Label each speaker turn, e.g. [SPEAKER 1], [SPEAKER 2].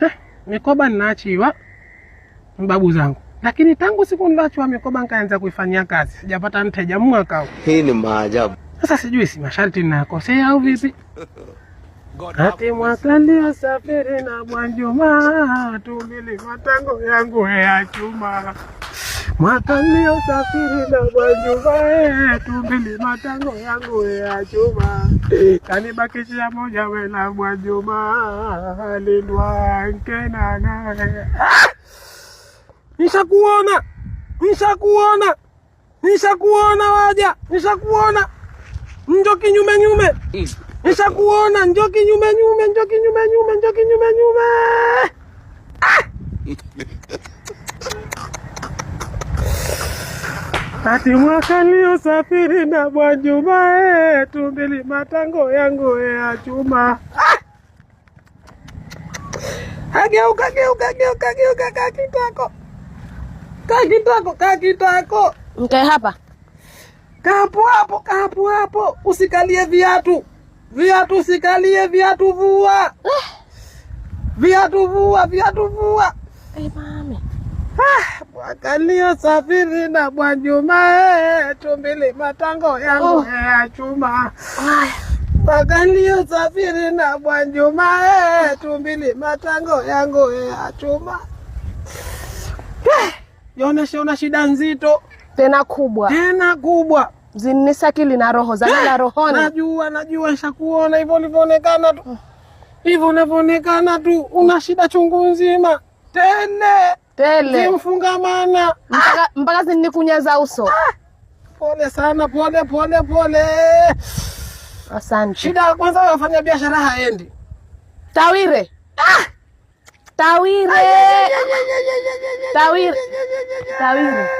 [SPEAKER 1] Eh, mikoba ninaachiwa mbabu zangu, lakini tangu siku nilachiwa mikoba nikaanza kuifanyia kazi sijapata mteja mwaka.
[SPEAKER 2] Hii ni maajabu.
[SPEAKER 1] Sasa sijui si masharti ninayokosea au vipi? Ati mwaka safiri na Bwana Juma, tango yangu ya chuma Mwaka safiri na mjomba wetu milima matango yangu ya chuma kanibakishia moja we na mjomba lindwanke nanae. Nishakuona, nishakuona, nishakuona waja, nishakuona njo kinyume nyume, mm. nishakuona njo kinyume nyume, njo kinyume nyume, njo kinyume Kati mwaka niliosafiri na Bwajuma ee, eh, tumbili matango yangu eh, ya chuma ah! ageuka geuka geuka geuka kakitako kakitako kakitako mkae hapa kapo hapo kapo hapo usikalie viatu viatu usikalie viatu vua eh! viatu vua viatu vua
[SPEAKER 3] hey, mami
[SPEAKER 1] Ah, Mwakalio safiri na Bwanjuma, tumbili eh, oh. eh, oh. matango yangu ya chuma. Mwakalio safiri na Bwanjuma, eh, tumbili matango yangu ya chuma. Yoneshe una shida nzito
[SPEAKER 3] tena kubwa,
[SPEAKER 1] tena kubwa
[SPEAKER 3] zinisakili na roho zana na rohoni.
[SPEAKER 1] Najua, najua, nishakuona hivyo ulivyoonekana tu, oh. hivyo unavyoonekana tu, una shida chungu nzima tene tele zimfungamana
[SPEAKER 3] mpaka, mpaka za uso. Ah,
[SPEAKER 1] pole sana, pole pole pole. Asante. Shida ya kwanza wafanya biashara haendi
[SPEAKER 3] Tawire. Ah! Tawire. Tawire. Tawire.